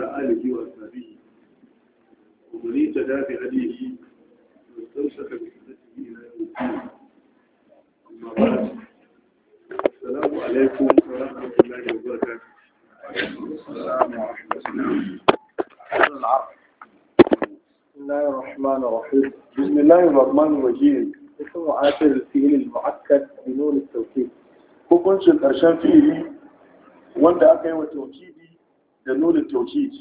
وعلى آله وأصحابه ومن اهتدى بهديه واستمسك بسنته إلى يوم الدين أما بعد السلام عليكم ورحمة الله وبركاته السلام ورحمة الله بسم الله الرحمن الرحيم بسم الله الرحمن الرحيم اسم عاشر الفيل المعكد بنور التوكيد hukuncin ƙarshen fi'ili wanda aka yi wa da nunin tauhid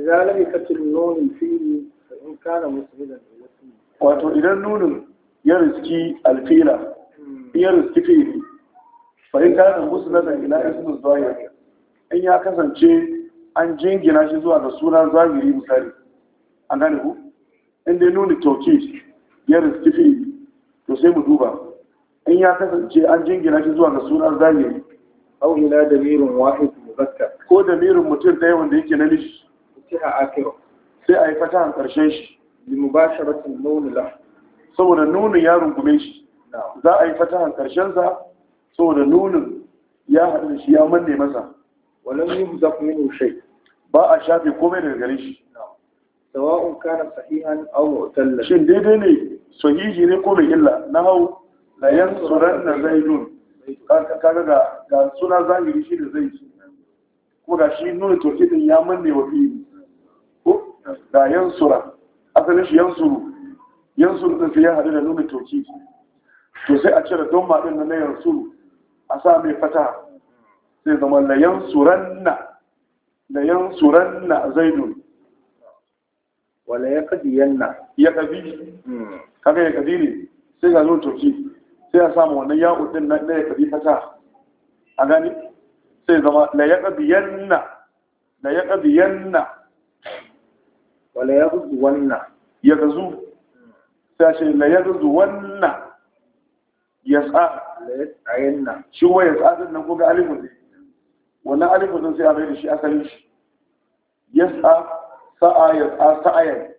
idan lam yaktil nunin fi'li fa in kana musliman wato idan nunin ya riski alfila hmm. ya riski fi'li fa in kana musliman ila ismi zahir in ya kasance an jingina shi zuwa ga sunan zahiri misali an gane ku in dai nunin tauhid ya riski fi'li to sai mu duba in ya kasance an jingina shi zuwa ga sunan zahiri au ila damirin wahid muzakkar ko damirin mutum ɗaya wanda yake na nishi. sai a yi a ƙarshen shi bi mubasharatin nuni la saboda nuni ya rungume shi za a yi a ƙarshen sa saboda nunin ya haɗu da shi ya manne masa walam yumzaq minhu shay ba a shafe komai daga gare shi sawa'un kana sahihan aw mu'talla shin daidai ne sahihi ne ko mai illa na hau la yansuranna zaidun kaga ga suna zahiri shi da zai kuma shi nuna din ya manne wa fi'ili ko da yansura asalin shi yansuru yansuru din sai ya hadu da nuna tauhid to sai a cire don ma din na yansuru a sa mai fata sai zama la yansuranna suranna zai zaidun wala ya kaji yanna ya kadi hmm. kaga ya kadi ne sai ga nuna tauhid sai a samu wannan ya'udin na ya kadi fata a gani sai zama la yaqdiyanna la yaqdiyanna wala yaghzu wanna yaghzu sai shi la yaghzu wanna yas'a la yas'ayanna shi wa yas'a din nan koga alifu ne wannan alifu din sai a bai da shi asalin shi yas'a sa'a yas'a sa'ayan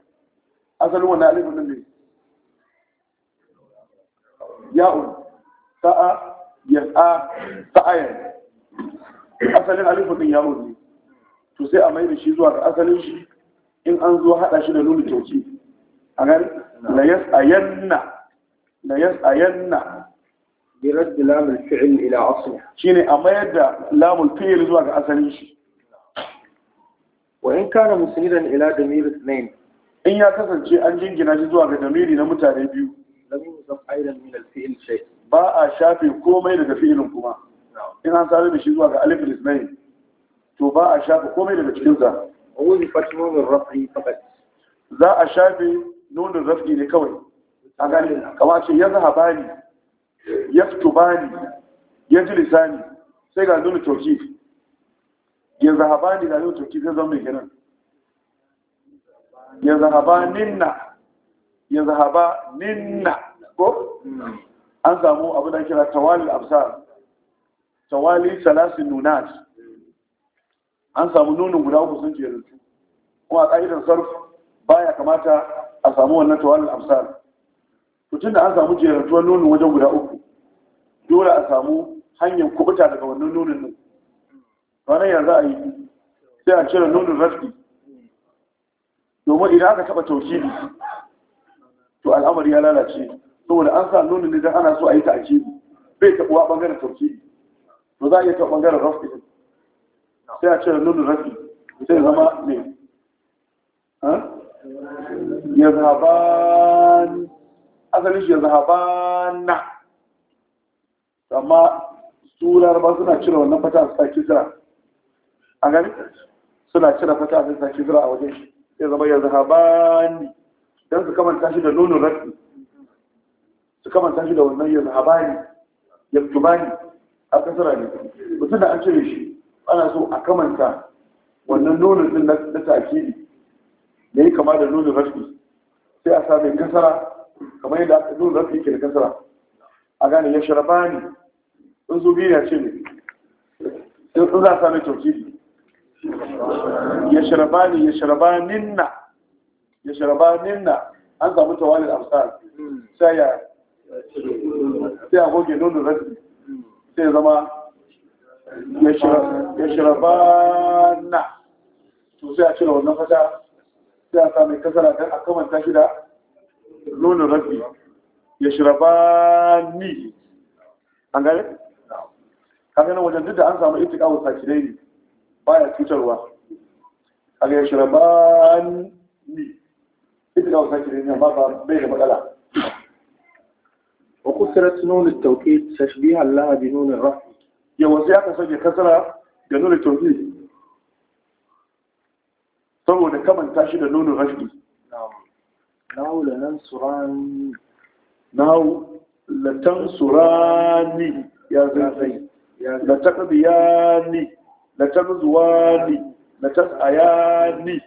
asalin wannan alifu din ne ya'un sa'a yas'a sa'ayan asalin alifu din yaro ne to sai a mai da shi zuwa ga asalin shi in an zo haɗa shi da nuna kyauci a gani la yas'ayanna la yas'ayanna bi radd da al-fi'l ila Shi ne a mayar da lam al zuwa ga asalin shi wa in kana musnidan ila damir ithnain in ya kasance an jingina shi zuwa ga damiri na mutane biyu lam yusaf aidan min al-fi'l shay ba a shafe komai daga fi'ilin kuma in an sami da shi zuwa ga alif lisnain to ba a shafa komai daga cikinsa a wuri rafi fakat za a shafi nunin rafi ne kawai a gani kama ce ya zaha ni, ya fito ni, ya ji lisani sai ga nunin toki ya zaha ni ga nunin toki zai zama ginin ya zaha ba ninna ya zaha ba ninna ko hmm. an samu abu da kira tawalin absar tawali salasin nunat an samu nunin guda uku sun jeru kuma a ƙa'idar sarf baya kamata a samu wannan tawalin amsar tun da an samu jerantuwar nunin wajen guda uku dole a samu hanyar kubuta daga wannan nunin nan ranar yanzu a yi sai a cire nunin rafi domin idan aka taɓa taukili to al'amari ya lalace saboda an sa nunin ne don ana so a yi ta'akili bai taɓuwa ɓangaren taukili to za a iya taɓa ɓangaren rafi sai a cire nunu rafi sai zama ne ya zahaban asalin shi ya zaba na amma surar ba suna cire wannan fata a saki zira a gani suna cire fata a saki zira a waje. shi sai zama ya zaba ne don su kamanta shi da nunu rafi su kamanta shi da wannan ya zahabani ya tubani a kasar ne mutum da an cire shi ana so a kamanta wannan nonon din na takiri ya yi kama da nonon rafi sai a sami kasara kamar yadda aka nonon rafi yake da kasara a gane ya sharaba ne in zo biya ya ce ne sai in za a sami taukiri ya sharaba ne ya sharaba ninna ya sharaba ninna an samu tawalin amsar sai ya goge nonon rafi sai zama ya shiraba na to sai a cire wannan fata sai a sami kasara kan akaman ta shida nonon rabbi ya shiraba ni an gare kamar yana wajen duk da an samu itika wa sakidai ne baya cutarwa ga ya shiraba ni itika wa sakidai ne ba bai da matsala وكسرت نون التوكيد تشبيها لها بنون الرفع يا وسياق سجي كسرة بنون التوكيد طبعا كما تاشد نون الرفع ناو ناو لننصران ناو لتنصراني يا زيزي لتقضياني لتنزواني لتسعياني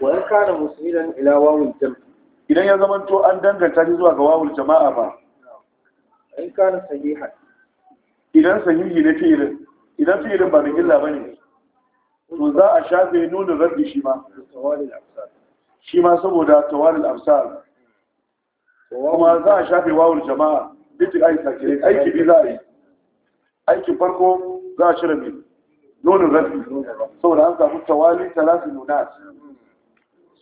وإن كان مسهلا إلى واو الجمع idan ya zama to an danganta shi zuwa ga wawul jama'a ba in kana sahiha idan sahihi ne irin idan irin ba min illa bane to za a shafe nunin rabbi shi ma shi ma saboda tawalil amsal kuma za a shafe wawul jama'a duk ai sakire aiki bi za a yi aikin farko za a shirme nunin rabbi saboda an samu tawali talatin nunat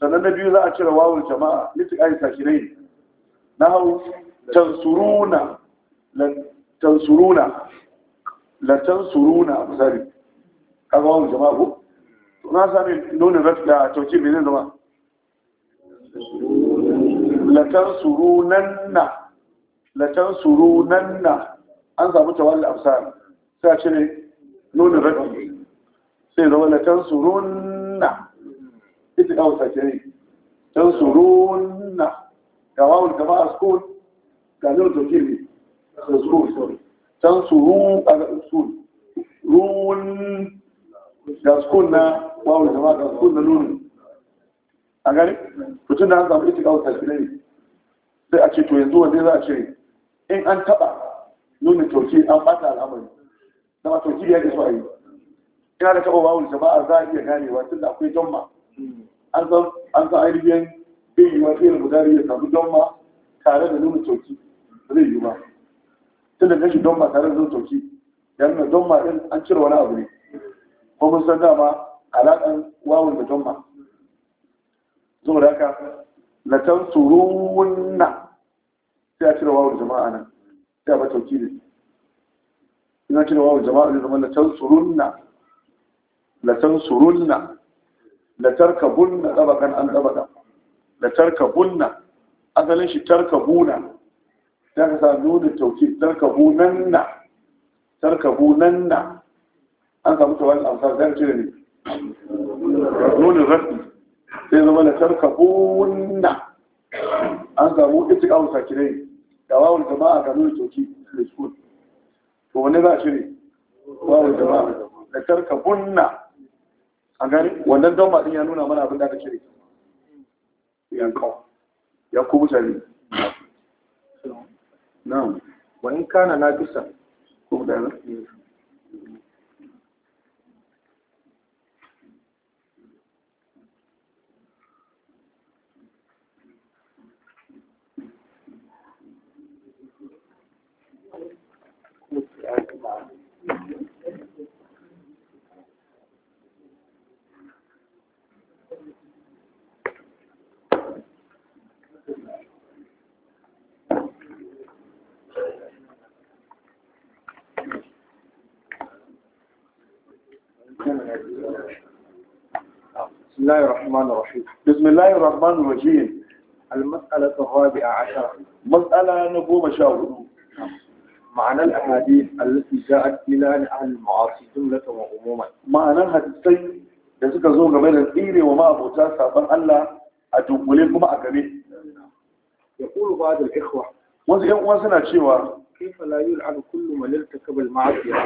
sannan na biyu za a cire wawul jama'a litikai sakirai na hau tansuruna tansuruna la tansuruna misali kaga wawul jama'a ko na sami nonin rafda tauki me zai zama la tansurunanna la tansurunanna an samu tawalli absar sai a cire nonin rafda sai zama la tansurunna اتقاء ساكنين تنصرون كواو الجماعة سكون كانوا تكيري تنصرون تنصرون الأسول رون يسكننا واو الجماعة يسكننا نون أغاني فتنا هذا اتقاء ساكنين sai a ce to yanzu wanda za a ce in an taba nuna tauki an bata al'amari zama tauki ya ke so a yi ina da taba wawul a za a iya ganewa tunda akwai jamma an san ainihin bai yi wa irin mudari ya samu don ma tare da nuna tauki zai yi ba da kashi don ma tare da nuna coci. ya nuna don ma ɗin an cire wani abu ne ko mun san dama alaƙan wawon da don ma saboda haka latan surunna sai a cire wawon jama'a nan sai a ba coci ne ina cire wawon jama'a ne zama latan surunna latan surunna la tarkabunna tabakan an tabakan la tarkabunna asalin shi tarkabuna ta ka sa nuna tauki tarkabunanna bunanna an samu tawalin amsar zai cire ne nunin rafi sai zama la tarkabunna an samu ita kawo sakirai da wawon jama'a ga nuna tauki da su to wani za a shiri wawon jama'a da tarkabunna a gani wannan don maɗin ya nuna mana abin da aka cire ya kuma mutane na wani kana na bisa kuma da yana بسم الله الرحمن الرحيم بسم الله الرحمن الرحيم المسألة الرابعة عشرة مسألة نقوم شاهدون معنى الأحاديث التي جاءت إلى أهل المعاصي جملة وعموما معنى الحديثين da suka zo game da tsire wa ma'abota sabon Allah a dunkule kuma a game. Ya kuru ba da ikwa. Wasu ‘yan uwa suna cewa kaifa la yul'an kullu man irtakaba al-ma'asiya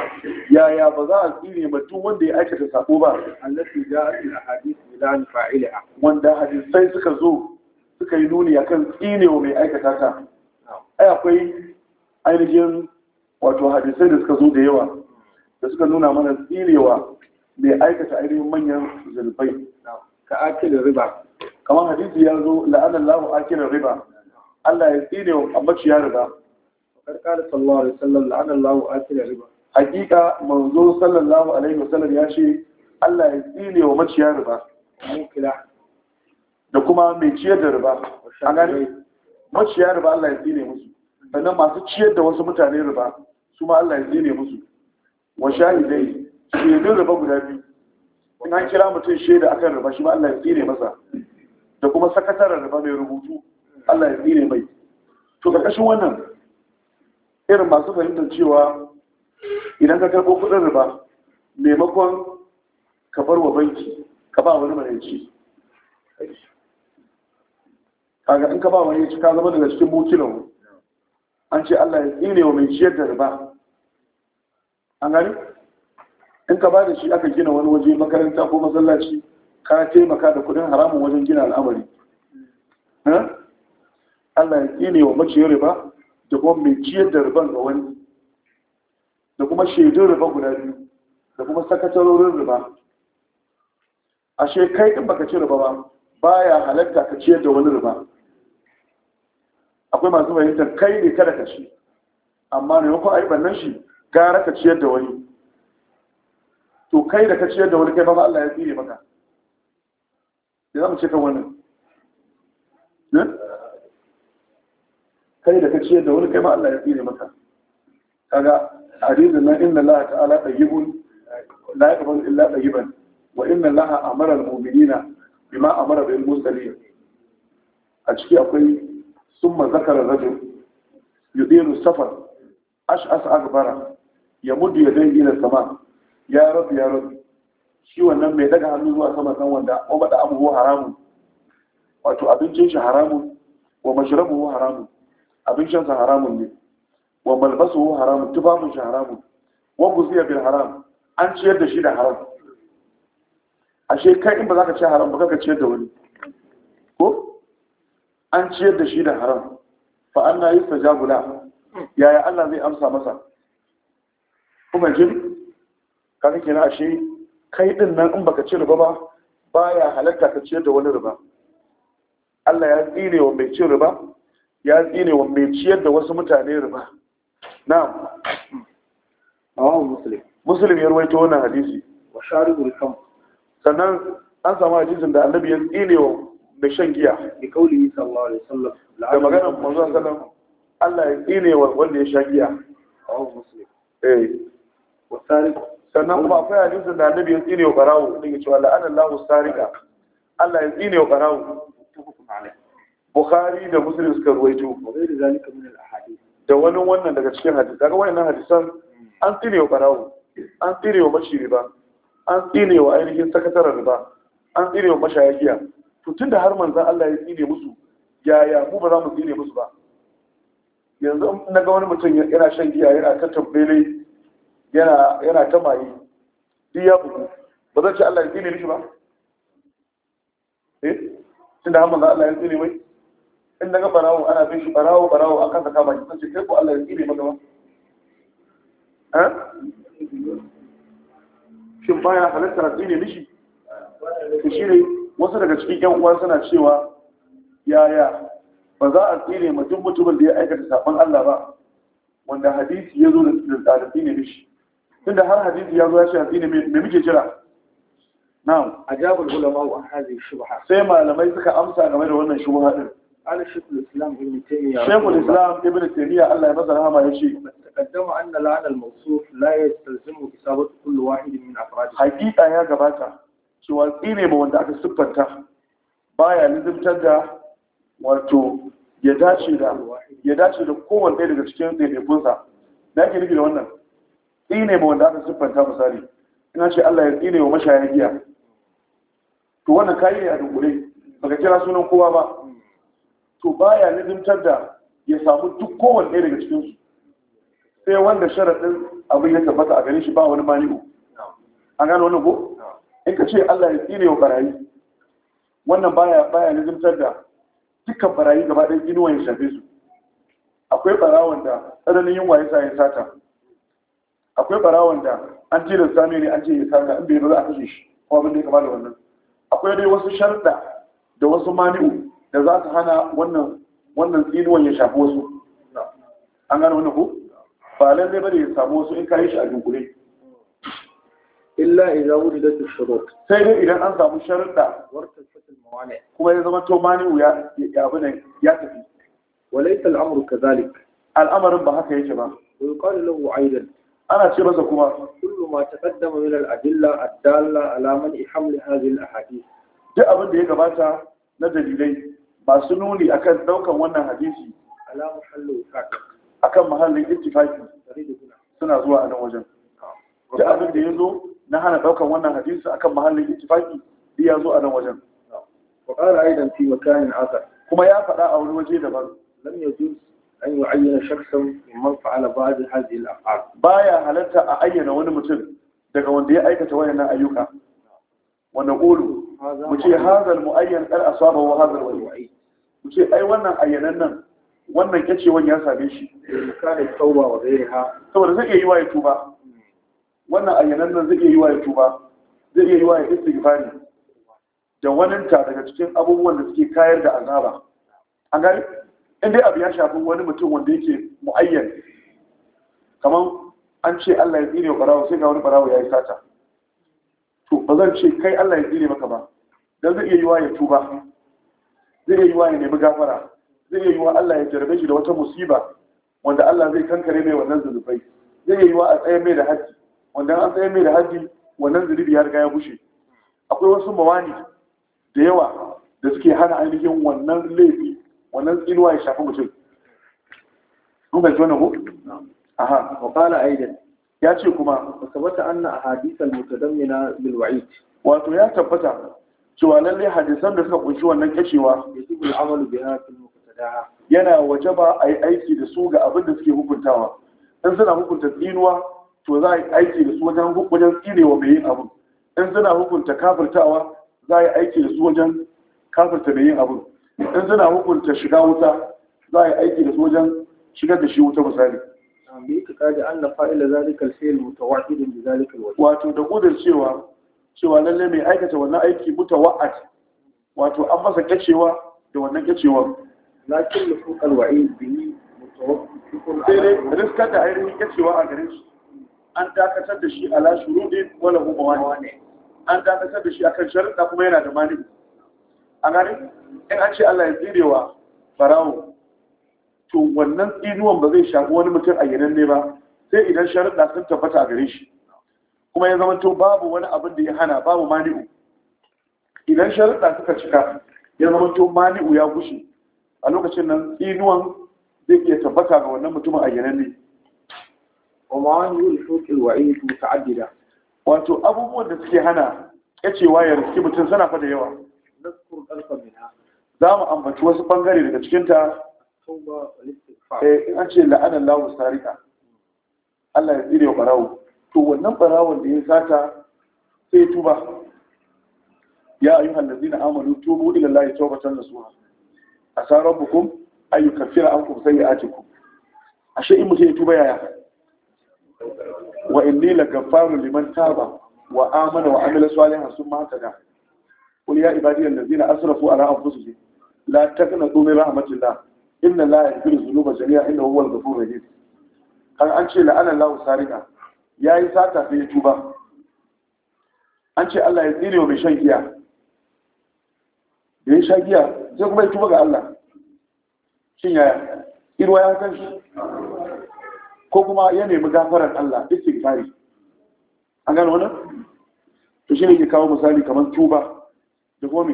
ya ya ba za a tsire wanda ya aikata sako ba allati ja'at al-ahadith ila fa'ilaha wanda sai suka zo suka yi nuni akan tsinewa mai aikata ta ai akwai ainihin wato hadisai da suka zo da yawa da suka nuna mana tsirewa mai aikata ainihin manyan zulfai ka akilin riba kamar hadisi ya zo la'anar lahu akilin riba Allah ya tsire wa maciya riba karkar sallallahu alaihi wasallam la'ana Allahu akila riba hakika manzo sallallahu alaihi wasallam ya ce Allah ya tsine wa maciya riba mukila da kuma mai ciyar da riba a gane. maciya riba Allah ya tsine musu sannan masu ciyar da wasu mutane riba su ma Allah ya tsine musu wa shahidai shaidun riba guda biyu in an kira mutum shaida akan riba shi ma Allah ya tsine masa da kuma sakataren riba mai rubutu Allah ya tsine mai to kashin wannan irin masu fahimtar cewa idan ka karɓo kuɗin riba maimakon ka bar wa banki ka ba wani mayanci kaga in ka ba wani ci ka zama daga cikin mukilan an ce Allah ya tsine wa mai ciyar da riba an gani in ka ba da shi aka gina wani waje makaranta ko masallaci ka taimaka da kuɗin haramun wajen gina al'amari eh? Allah ya tsine wa maciyar riba da kuma mai ciyar da riban ga wani da kuma shaidun riba guda biyu da kuma sakatarorin riba ashe kai ɗin baka ci riba ba ya halatta ka ciyar da wani riba akwai masu fahimtar kai ne kada ka ci amma ne ko ayi bannan shi gara ka ciyar da wani to kai da ka ciyar da wani kai ba Allah ya tsire maka ya zama ce kan wannan eh? kai da ka ciyar da wani kai ma Allah ya tsire maka kaga hadisin nan inna Allah ta'ala tayyibun la yaqbalu illa tayyiban wa inna Allah amara al-mu'minina bima amara bil mursalin a ciki akwai summa zakara rajul yudiru safar ash'as akbara yamuddu yadayhi ila sama ya rabbi ya rabbi shi wannan mai daga hannu zuwa sama san wanda ko bada abubuwa haramun wato abincin shi haramun wa mashrabuhu haramun abin shansa haramun ne wa malbasu haramun tufafin shi haramun wa guziya bil haram an ciyar da shi da haram ashe kai in ba za ka ci haram ba kaka ciyar da wani ko an ciyar da shi da haram fa anna yustajabu la yaya Allah zai amsa masa kuma jin kaga kenan ashe kai din nan in baka ci riba ba baya halatta ka ciyar da wani riba Allah ya tsire wa mai ci riba ya tsine wa mai ciyar da wasu mutane riba Na musulun ya ruwaito wannan hadisi wa sannan an samu hadisin da annabi ya tsine wa mai shan giya sallallahu alaihi da maganar manzo sallallahu alaihi Allah ya tsine wa wanda ya sha giya eh. sannan kuma akwai hadisin da annabi ya tsine wa barawo da ke cewa Allah ya tsine wa bukhari da muslim suka ruwaito da wani wannan daga cikin hadisi daga wannan hadisan an tsine wa barawo an tsine wa mashi riba an tsine wa ainihin sakataren riba an tsine wa mashayakiya to da har manzan Allah ya tsine musu yaya mu ba za mu tsine musu ba yanzu na ga wani mutum yana shan giya yana ta tabbele yana ta maye duk ya bugu ba zai ce Allah ya tsine shi ba eh da har manzan Allah ya tsine mai in daga barawo ana bin shi barawo barawo a kasa ba shi ce kai ko Allah ya tsire maka ba eh shin baya halatta na tsire mishi shi ne wasu daga cikin yan uwa suna cewa yaya ba za a tsire ma duk mutumin da ya aikata sabon Allah ba wanda hadisi ya zo da da tsire mishi tunda har hadisi ya zo ya ce a tsire me muke jira na'am ajabul ulama wa hadhihi shubha sai malamai suka amsa game da wannan shubha din قال شيخ الإسلام ابن تيمية شيخ الإسلام ابن تيمية الله يبارك رحمه يشي تقدم أن لعن الموصوف لا يستلزم إصابة كل واحد من أفراده حقيقة يا جماعة شو الإيمي ما وندعك السبتة بايا لازم تدع ya dace da ya dace da kowanne ɗaya daga cikin ɗaiɗaikunsa da ake wannan tsine ma wanda aka siffanta misali ina ce Allah ya tsine wa mashaya giya to wannan kayi ne a Ba baka kira sunan kowa ba to baya nizimtar da ya samu duk kowanne daga cikinsu sai wanda sharaɗin abin ya tabbata a gani shi ba wani mani'u an gano wani ko in ka ce allah ya tsire wa barayi wannan baya baya nizimtar da dukkan barayi gaba ɗaya inuwa ya shafe su akwai barawon da tsananin yunwa ya sa ya sata akwai barawon da an da sami ne an ce ya sata in bai ba za a kashe shi kuma abin da ya kama da wannan akwai dai wasu sharɗa da wasu mani'u da za su hana wannan tsinuwan ya shafi wasu an gano wani ku ba lallai bane ya samu wasu in kayi shi a dunkule illa idan wuri da shurut sai dai idan an samu sharuɗa kuma ya zama to mani ya ya bane ya tafi walaysa al'amru zalik. al'amarin ba haka yake ba wa yuqalu lahu aidan ana ce masa kuma kullu ma taqaddama min al-adilla ad-dalla ala man ihmil hadhihi al-ahadith duk abin da ya gabata na dalilai masu nuni akan daukan wannan hadisi akan mahallin ittifaqi suna zuwa a nan wajen da abin da zo na hana daukan wannan hadisi akan mahallin ittifaqi ya zo a nan wajen wa qala aidan fi makanin akhar kuma ya faɗa a wani waje daban lam yajuz an yu'ayyana shakhsan mimman fa'ala ba'd hadhihi al-af'al baya halatta a ayyana wani mutum daga wanda ya aikata wayannan ayyuka wa naqulu mu ce hadha al-mu'ayyan qad asaba wa hadha al ku ce ai wannan ayyanan nan wannan kyacewan ya same shi zai saboda zai iya yi wa ya tuba wannan ayyanan nan zai iya yi wa ya tuba zai iya yi wa ya istighfari da wani ta daga cikin abubuwan da suke kayar da azaba an gani inda abu ya shafi wani mutum wanda yake mu'ayyan kamar an ce Allah ya tsire wa barawo sai ga wani barawo ya yi sata to ba zan ce kai Allah ya tsire maka ba dan zai iya yi wa ya tuba zai yi wa ya nemi gafara zai yi wa Allah ya jarabe shi da wata musiba wanda Allah zai kankare mai wannan zunubai zai yi wa a tsaye mai da haji wanda an tsaye mai da haji wannan zunubi ya riga ya bushe akwai wasu mawani da yawa da suke hana ainihin wannan laifi wannan tsinuwa ya shafi mutum kun ga jona ko aha wa qala aidan ya ce kuma sabata anna ahadithal mutadammina bil wa'id wato ya tabbata cewa lallai hadisan da suka kunshi wannan kashewa yana waje ba a yi aiki da su ga abin da suke hukuntawa in suna hukunta tsinuwa to za a yi aiki da su wajen wajen tsinewa mai yin abin in suna hukunta kafirtawa za a yi aiki da su wajen kafirta mai yin abin in suna hukunta shiga wuta za a yi aiki da su wajen shigar da shi wuta misali an wato da gudun cewa cewa lalle mai aikata wannan aiki muta wa'ad wato an masa kacewa da wannan kacewar lakin lukun alwa'i bihi mutawaffiqun ala riskar da ainihin kacewa a gare shi an dakatar da shi a ala shurudin wala kuma wani. an dakatar da shi a kan sharuɗa kuma yana da mani a gane in an ce Allah ya tsirewa farawo to wannan tsinuwan ba zai shafi wani mutum a gidan ne ba sai idan sharuɗa sun tabbata a gare shi kuma ya zama to babu wani abin da ya hana babu mani'u idan sharuɗa suka cika ya zama to mani'u ya gushe a lokacin nan inuwan zai iya tabbata ga wannan mutumin a yananne wa wa wato abubuwan da suke hana ya kacewa ya riski mutum suna fa da yawa za mu ambaci wasu bangare daga cikinta eh ce la'anan lahu sarika Allah ya tsire wa barawo to wannan barawon da ya sata sai ya tuba ya ayu hallazi na amalu tubu ila lahi tawbatan nasuha asa rabbukum ayu kafira ankum sayi'atikum ashe in mutum ya tuba yaya wa inni lagaffaru liman taba wa amana wa amila salihan summa hatada qul ya ibadiy allazina asrafu ala anfusihim la taqnatu min rahmatillah inna la yaghfiru dhunuba jami'a innahu huwal ghafurur rahim kan an ce la'ana lahu sarika ya yi sata sai ya tuba an ce Allah ya tsire wa mai shan giya da ya sha giya sai kuma ya tuba ga Allah shin yaya irwa ya kan shi ko kuma ya nemi gafarar Allah tari an gano wani to shi ne ke kawo misali kamar tuba da kuma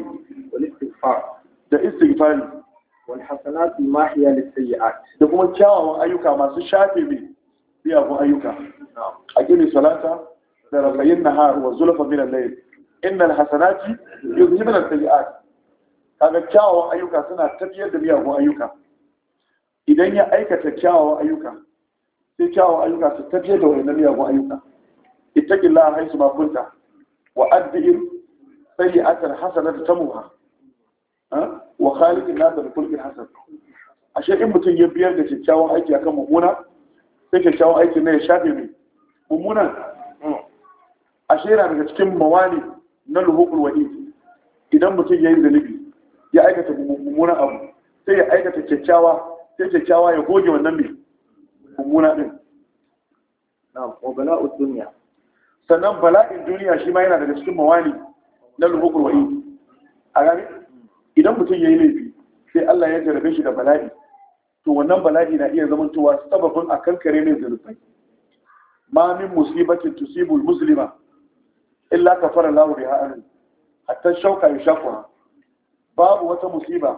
da istighfari wani hasanatu mahiyar da kuma kyawawan ayyuka masu shafe mai miyagun ayyuka a gini salata da rafayin nahar wa zulfa min al-layl innal hasanati yuzhibna as-sayyi'at kaga kyawawan ayyuka suna tafiyar da miyagun ayyuka idan ya aikata kyawawan ayyuka sai kyawawan ayyuka su tafiyar da wayannan miyagun ayyuka ittaqillaha haythu ma kunta wa adbi'ir sayyi'atan hasanatan tamuha wa khaliqin nas bi kulli hasan ashe in mutum ya biyar da kyakkyawan aiki akan mummuna sai kyakkyawan aiki na ya shafe mai mummunan mm. ashe yana daga cikin mawali na luhukul wani. idan mutum ya yi zunubi ya aikata mummunan abu sai ya aikata kyakkyawa sai kyakkyawa ya goge wannan mai mummuna din na a duniya sannan bala'in duniya shi ma yana daga cikin mawali na luhukul wani. a gani idan mutum ya yi laifi sai Allah ya jarabe shi da bala'i to wannan bala'i na iya zamantowa sababin a kankare ne zunubai ma min musibatin tusibul muslima illa kafara lahu biha an hatta shauka yashqa babu wata musiba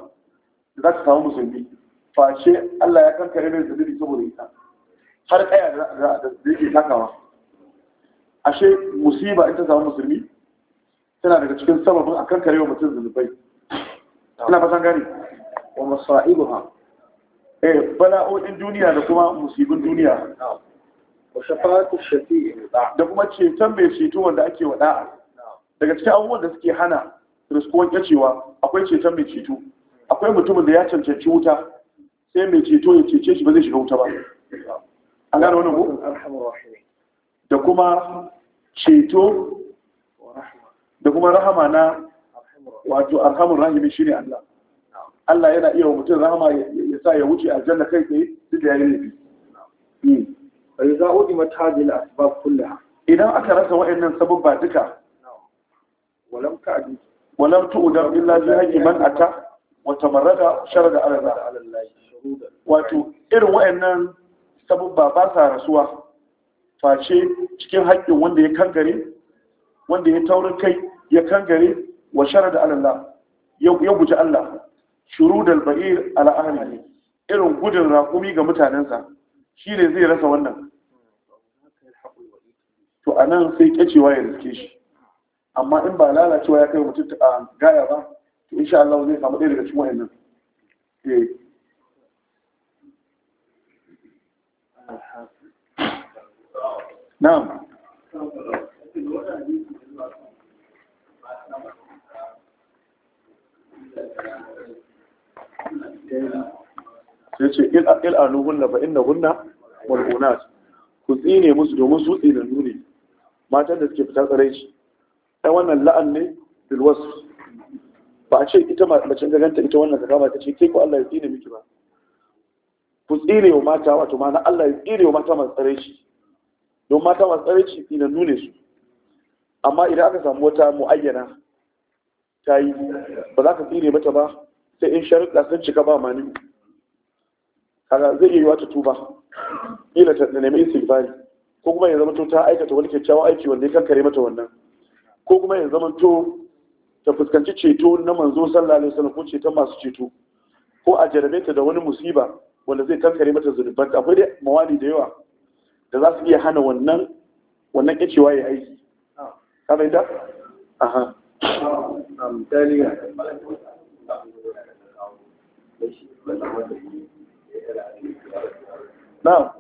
da za ta samu musulmi Fashe Allah ya kankare ne zunubi saboda ita har kaya da da yake takawa ashe musiba ita samu musulmi tana daga cikin sababin a kankarewa mutum zunubai ina fatan gani wa masaibuha eh bala'o'in duniya da kuma musibin duniya da kuma ceton mai ceto wanda ake wa da'a daga cikin abubuwan da suke hana riskuwan kyacewa akwai ceton mai ceto akwai mutumin da ya cancanci wuta sai mai ceto ya cece shi ba zai shiga wuta ba an gano wani ku? da kuma ceto da kuma rahama na wato alhamun rahimi shi ne Allah Allah yana iya wa mutum rahama ya sa ya wuce aljanna kai tsaye duk da yayi laifi fa idza udima hadhihi al-asbab kullaha idan aka rasa wa'annan sababba duka walam ta'di walam illa bi haƙi man a ata wa tamarrada sharada ala Allah wato irin wa'annan sababba ba sa rasuwa face cikin haƙƙin wanda ya kangare wanda ya taurin kai ya kangare wa sharada ala Allah ya guji Allah shuru ba'ir ala ahlihi irin gudun rakumi ga mutanensa shi ne zai rasa wannan to a nan sai kyacewa ya riske shi amma in ba lalacewa ya kai mutum a gaya ba to insha Allah zai samu ɗaya daga cikin wayannan eh. na'am sai ce il anu hunna fa inna hunna mal'unat ku tsine musu domin su tsine nuni matan da suke fita tsare shi ai wannan la'an ne bil ba a ce ita macen gaganta ita wannan ka kama ta ce ke ko Allah ya tsine miki ba ku tsine wa mata wato ma na Allah ya tsine wa mata masu tsare shi don mata masu tsare shi tsine nune su amma idan aka samu wata mu'ayyana ta yi ba za ka tsine mata ba sai in sharuɗa sun cika ba ma ni kaga zai iya yiwa ta tuba ila ta nemi istighfari ko kuma ya zama to ta aikata wani kyakkyawan aiki wanda ya kankare mata wannan ko kuma ya zama to ta fuskanci ceto na manzo sallallahu alaihi wasallam ko ceton masu ceto ko a jarabe ta da wani musiba wanda zai kankare mata zunuban akwai da mawali da yawa da za su iya hana wannan wannan kicewa ya aiki ka fahimta aha misali na'am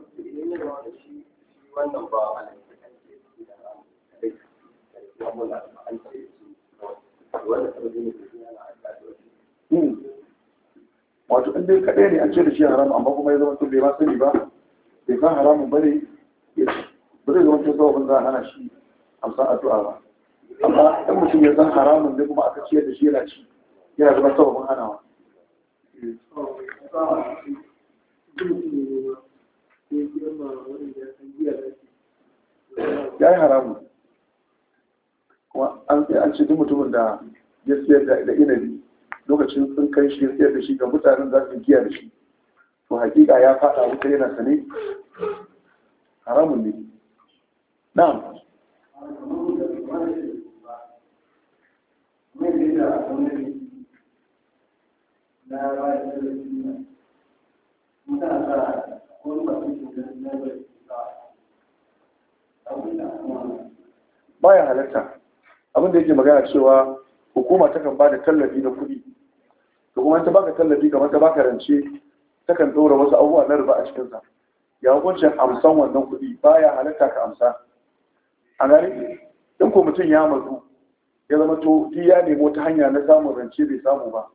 wato in dai kaɗai ne an ce da shi haram amma kuma ya zama bai ma sani ba bai san haramun ba ne ba zai zama cikin sababin za a hana shi amsan addu'a ba amma in mutum ya san haramun ne kuma aka ciyar da shi yana ci yana zama sababin hanawa ya yi haramu kuma an sai an ce duk mutumin da ya siyar da inabi lokacin sun kai shi ya siyar da shi ga mutanen za su giya da shi to hakika ya fada wuta yana sane haramun ne na'am na ba da bayan halatta abin da yake magana cewa hukuma takan ba da tallafi na kuɗi da kuma ta baka tallafi kamar ta baka rance takan dora wasu abubuwa na riba a cikinsa ya hukuncin amsan wannan kuɗi baya halatta ka amsa a gani in ko mutum ya mazu ya zama to shi ya nemo ta hanya na samun rance bai samu ba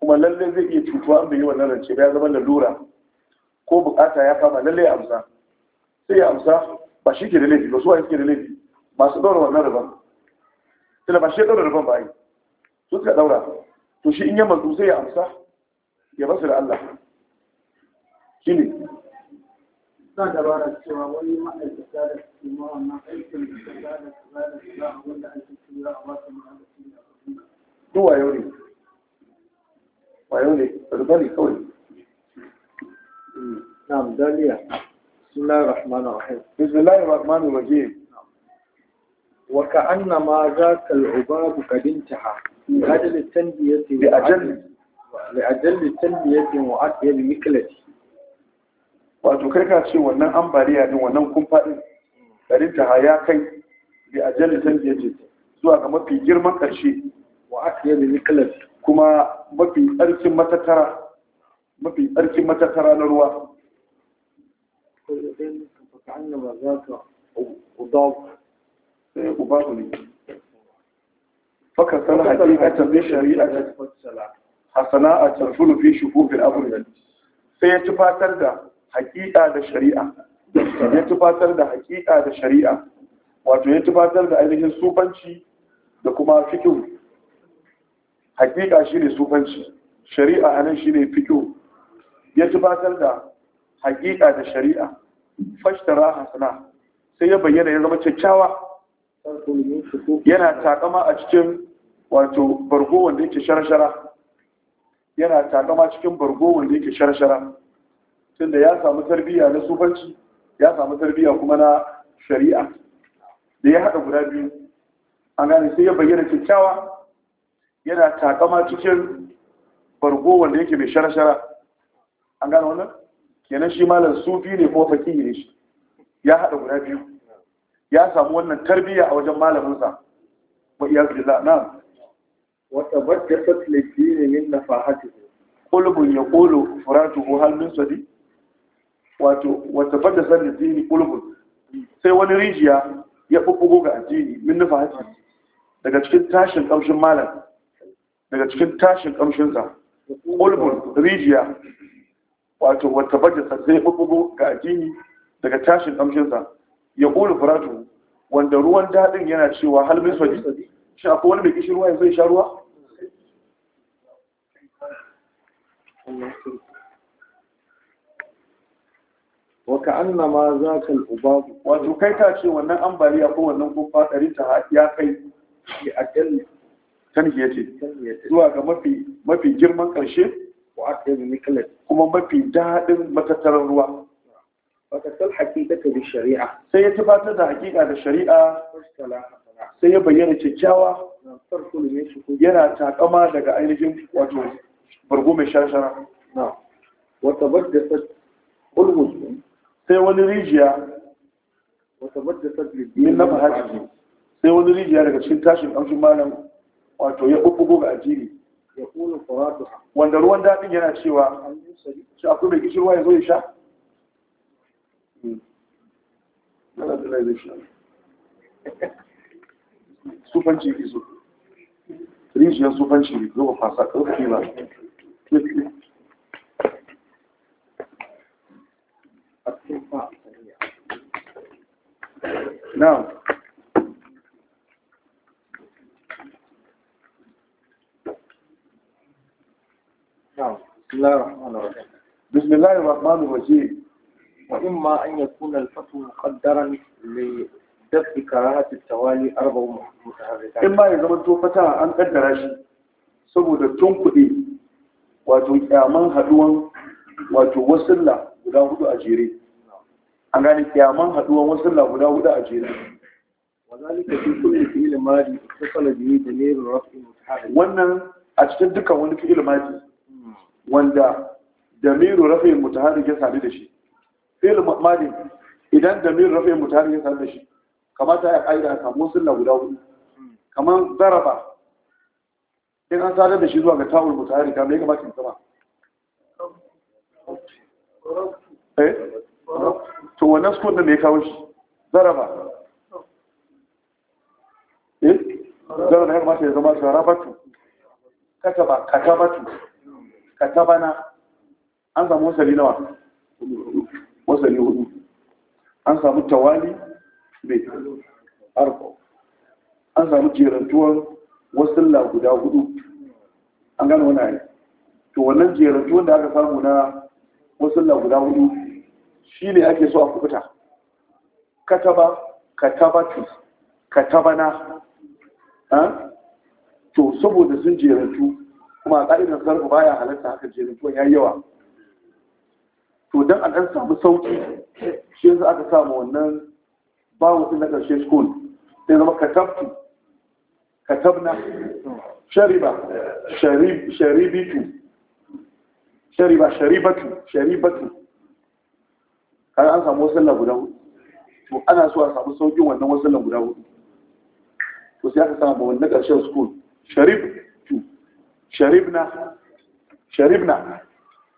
kuma lalle zai iya cutuwa an bai yi wannan rance ba ya zama lalura ko bukata ya fama lalle ya amsa sai ya amsa ba shi ke da laifi ba su waye suke da laifi masu daura wannan riban tunda ba shi ya daura riban ba yi su suka daura to shi in yi mazu sai ya amsa ya basu da Allah shi ne sa dabara cewa wani ma'aikata da su ma wannan aikin da ta da ta da ta wanda ake tura a wasu ma'aikata da su ne. Duk wayo ne, wayo ne, rubani kawai. نعم داليا بسم الله الرحمن الرحيم بسم الله الرحمن الرحيم وكأنما ذاك العباب قد انتهى لأجل التنبية لأجل لأجل التنبية وعطية بمكلتي wato kai ka ce wannan ambaliya ne wannan kumfaɗin garin ta ya kai bi ajali tanbiyatin zuwa ga mafi girman ƙarshe wa aka yi kuma mafi tsarkin matattara mafi tsarki matakara na ruwa sai ubaku ne faka san hakikatan shari'a a tarfulu fi shukufin abubuwan sai ya tufatar da hakika da shari'a ya tufatar da hakika da shari'a wato ya tufatar da ainihin sufanci da kuma fikin hakika shi ne sufanci shari'a anan shi ne fikin ya tubatar da haƙiƙa da shari'a raha hasana sai ya bayyana ya zama kyakkyawa yana takama a cikin wato bargo wanda yake sharshara yana takama cikin bargo wanda yake sharshara tunda ya samu tarbiyya na sufanci ya samu tarbiyya kuma na shari'a da ya haɗa guda biyu an gane sai ya bayyana kyakkyawa yana takama cikin bargo wanda yake mai sharshara an gano wannan kenan shi malam sufi ne ko fakihi ne shi ya haɗa guda biyu ya samu wannan tarbiyya a wajen malaminsa wa iyaz billah na'am wa tabajjasat li dini min kulubun ya yaqulu furatu ko min sadi wato wa tabajjasat li ne kulubun. sai wani rijiya ya bubbugo ga addini min nafahatihi daga cikin tashin kamshin malam daga cikin tashin kamshin sa Kulubun, rijiya wato wata baje zai bugu ga addini daga tashin sa ya ƙone furatu wanda ruwan daɗin yana cewa halmin sadi shi akwai wani mai kishi ruwa yanzu ya sha ruwa waka anna ma za ka al'ubabu wato kai ka ce wannan ambaliya ko wannan gumfa ɗari ta ya kai a kan tanhiyar ce zuwa ga mafi girman ƙarshe wa atyab niklat kuma mafi daɗin matattarar ruwa fatakal haqiqata bi shari'a sai ya tabbatar da haƙiƙa da shari'a sai ya bayyana kyakkyawa yana takama daga ainihin wato bargo mai shashara wata baddasa ulmus sai wani rijiya wata baddasa min nafa hajji sai wani rijiya daga cikin tashin amshin malam wato ya ɓuɓɓugo ga ajiri wanda ruwan daɗin yana cewa shi ya zo sha hmm. sufanci rijiyar sufanci zo ba fasa ƙarfi ba Now, الرحمن الرحيم وإما أن يكون الفتح مقدرا لدفع كراهة التوالي أربع متحركات إما إذا من توفتا أن قدر شيء saboda tunkuɗe wato kyaman haɗuwan wato wasulla guda hudu a jere an gane kyaman haɗuwan wasulla guda hudu a jere wazalika fi kulli fi'il madi ittasala bihi dalilun raf'in mutaharrik wannan a cikin dukkan wani wanda damiru rafi mutahari ya sami da shi fil madi idan damiru rafi mutahari ya sami da shi kamata ya ƙa'ida samu sunna guda hudu kaman zaraba in an sadar da shi zuwa ga tawul mutahari ka mai kamata in zama eh to wannan sukun da mai kawo shi zaraba eh zaraba ya kamata ya zama zarabatu kataba katabatu na an samu wasali nawa wasali hudu an samu tawali mai arko an samu jerantuwar wasalla guda hudu an gano wani ayi to wannan jerantuwar da aka samu na wasalla guda hudu shi ne ake so a kubuta kataba katabatu katabana to saboda sun jerantu kuma a ƙa'idar zarfi baya halatta haka jerantuwar ya yawa to don a ɗan samu sauki shi yanzu aka samu wannan ba wasu na ƙarshe school sai zama katabtu katabna shariba sharibitu shariba sharibatu sharibatu kaga an samu wasu guda hudu to ana so a samu sauƙin wannan wasu guda hudu to sai aka samu wannan ƙarshen school sharibtu sharibna sharibna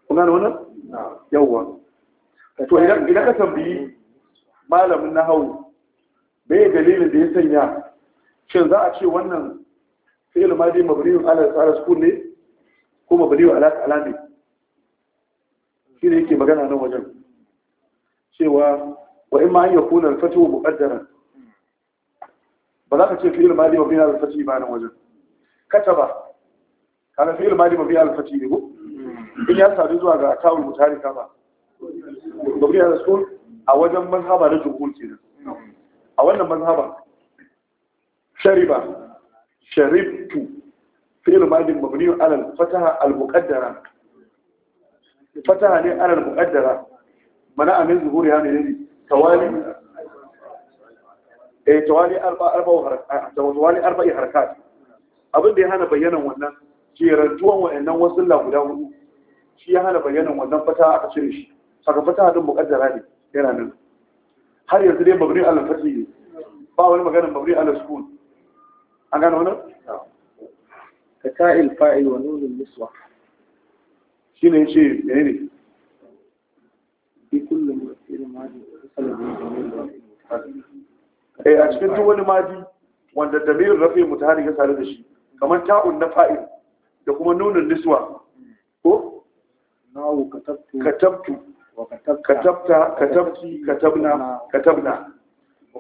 kuma da wannan yawwa to idan ka tambayi malamin na hau bai dalilin da ya sanya shin za a ce wannan fi'il madi mabriyun ala tsara sukun ne ko mabriyun ala alami shi ne yake magana nan wajen cewa wa in ma an yakuna al-fatu muqaddaran ba za ka ce fi'il madi mabriyun ala al-fati ba nan wajen ba, kana fi'il madi mabriyun ala tsara sukun ne ko in ya sadu zuwa ga kawul mutarika ba gabriya rasul a wajen mazhaba na jumhur ce. a wannan mazhaba shariba sharibtu fiye da mabni ala Alal, fataha al-muqaddara fataha ne Alal Bukadara, muqaddara mana amin zuhur ya ne tawali eh tawali arba arba harkat tawali arba harkat abin da ya hana bayanan wannan ke rantuwan wa'annan wasu guda hudu shi ya hana bayanan wannan fata aka cire shi saka fata din muqaddara ne yana nan har yanzu dai babri al fati ne ba wani magana mabri al sukun an gano wannan ka ta'il fa'il wa nunul niswa shine yace menene bi kullu mu'tir madi eh a cikin duk wani madi wanda damirin rafi mutahari ya sare da shi kamar ta'un na fa'il da kuma nunin niswa ko nawo katabtu katabtu katabta katabti katabna katabna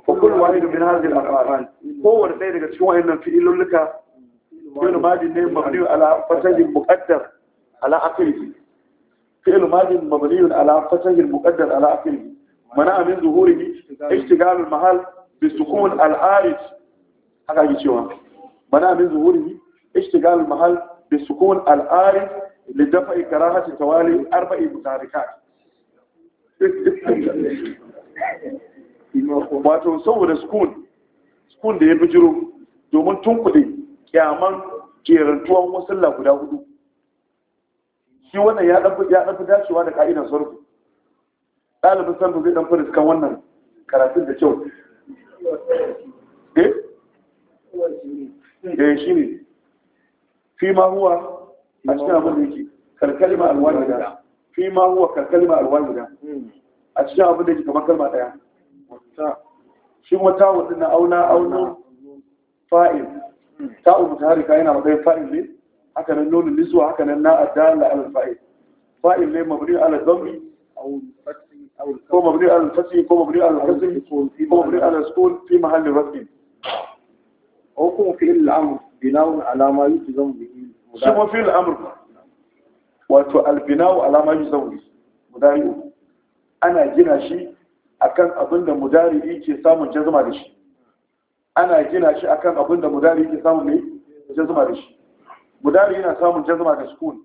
fa kullu wahid min hadhihi al-af'al kowanne ɗaya daga cikin wayannan fi'ilolluka fi'il madi ne mabni ala fatahil muqaddar ala akhirih fi'il madi mabni ala fatahil muqaddar ala akhirih mana min zuhurihi ishtigal al-mahal bi sukun al-arij haka yake cewa mana min zuhurihi ishtigal al-mahal bi sukun al-arij لدفع كراهة tawali أربع mutarikat wato saboda سكون سكون da ya jiru, domin tunkuɗe kyaman jerantuwan wasalla guda hudu shi wannan ya ɗanfi dacewa da ka'idar sarfu ɗalibin sarfu zai ɗanfi riskan wannan karatun da kyau eh? eh shi ne fi ma huwa a cikin abin da yake kalkalima alwahida fi ma huwa kalkalima alwahida a cikin abin da yake kamar kalma daya shi kuma tawun din na auna auna fa'il ta'u mutaharika yana matsayin fa'il ne haka nan nonin niswa haka nan na adala al fa'il fa'il ne mabni ala dhammi ko mabni ala al-fathi ko mabni ala al-kasr ko mabni ala sukun fi mahalli rafin hukum fi'il al-amr binaun ala ma yujzamu bihi shi mafi fil amr wato albina'u alama yi zauri mudari'u ana gina shi akan abinda da mudari'i ke samun jazuma da shi ana gina shi akan abinda da mudari ke samun ne jazma da shi mudari yana samun jazuma da sukun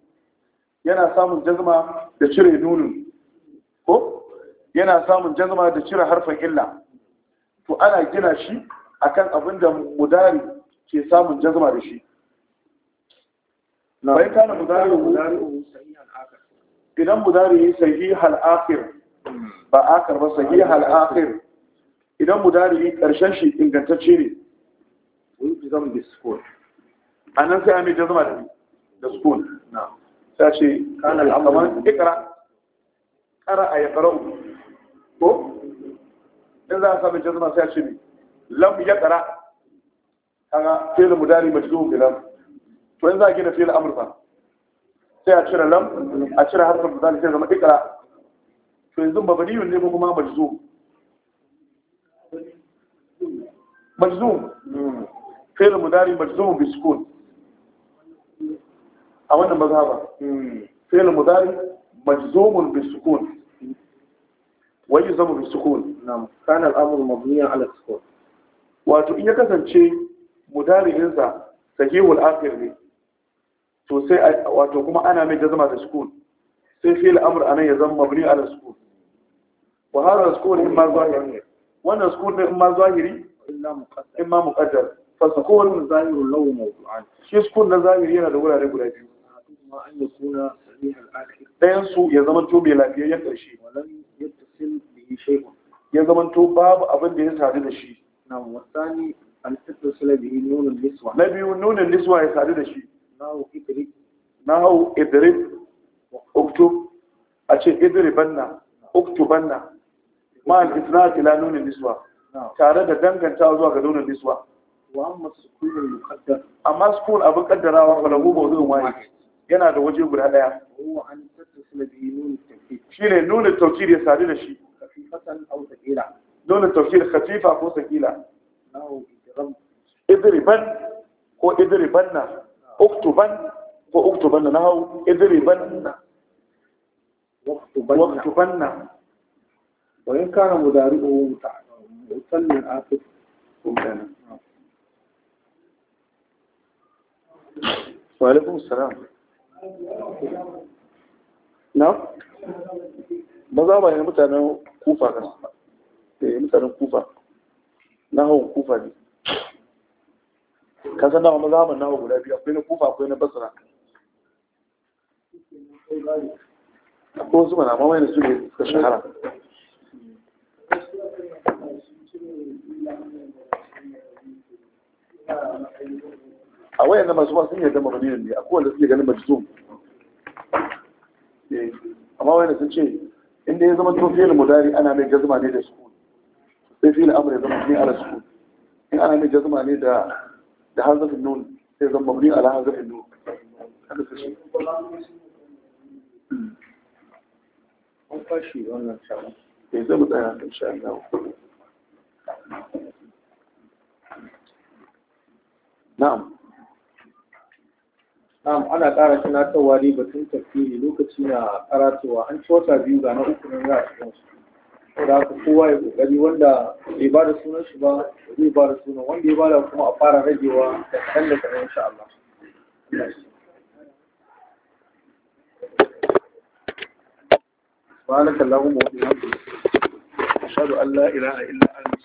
yana samun jazuma da cire nunin ko yana samun jazuma da cire harfan illa to ana gina shi akan abinda da mudari ke samun jazuma da shi bai kana mudari'u idan mudari'i sahihal akhir ba akar ba sahihal akhir idan mudari'i karshen shi ingantacce ne zan bi sukun anan sai an yi jazma da da sukun na sai ce kana al'amari ikra qara ay uku. ko in za a sami jazma sai ce lam yaqra kaga sai mudari majzum bilam to yanzu ake a fiye da amurfa sai a cire lam a cire harfar da zalika zama ikra to yanzu ba badiyun ne ko kuma zo. fiye da mudari zo bi sukun a wannan fiye da mudari mun bi sukun wani zama bi sukun na kanar amur amru mabniyan ala sukun wato in ya kasance mudari insa sahihul akhir ne to sai wato kuma ana mai jazma da sukun sai al'amur a nan ya zama mabni ala sukun wa da sukun in ma zahiri wannan sukun din in ma zahiri in ma muqaddar fa sukun zahiri lahu mawdu'an shi sukun na zahiri yana da wurare guda biyu ma an yakuna sahih al-akhir su ya zama to mai ya karshe walan yattasil bihi shay'un ya zama to babu abin da ya sadu da shi na wasani an tattasul bihi nunul niswa na biyu nunul niswa ya sadu da shi nahu idrib uktub a ce idribanna uktubanna ma al-isnad ake nunin niswa tare da danganta zuwa ga niswa wa amma sukun al-muqaddar amma sukun abu kaddarawa wa lahu mawdu'un wahid yana da waje guda daya Shi ne nunin ya sadu da shi Nuna aw thaqila ko tsakila. ko uktuban ko uktuban na hau idriban na waktuban na wayan kana mudari'u mutallin afif kumdana wa alaikum na maza ba ne mutanen kufa kan eh, mutanen kufa na hawan kufa ne ka san dama mazhaban nawa guda biyu akwai na kufa akwai na basra akwai su mana amma wani su ne suka shahara a wayan masu ma sun yarda mamadinin ne a kowane suke ganin majizum eh, amma wayan sun ce inda ya zama tun fiye mudari ana mai jazma ne da sukun sai fiye da ya zama ne a rasu in ana mai jazma ne da da hanzafin nun sai zan mabni ala hanzafin nun haka su shi eh, an fashi wannan shawar da zai mu tsaya in sha Allah na'am na'am ana ƙara tunatarwa ne batun tafsiri lokaci na karatowa an ci wata biyu ga na uku ne za a cikin su da ku kowa ya kokari wanda bai ba da sunan shi ba zai ba da sunan wanda ya bada kuma a fara ragewa da kan da kan insha Allah سبحانك اللهم وبحمدك أشهد أن لا إله إلا أنت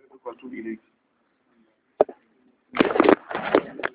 أستغفرك وأتوب إليك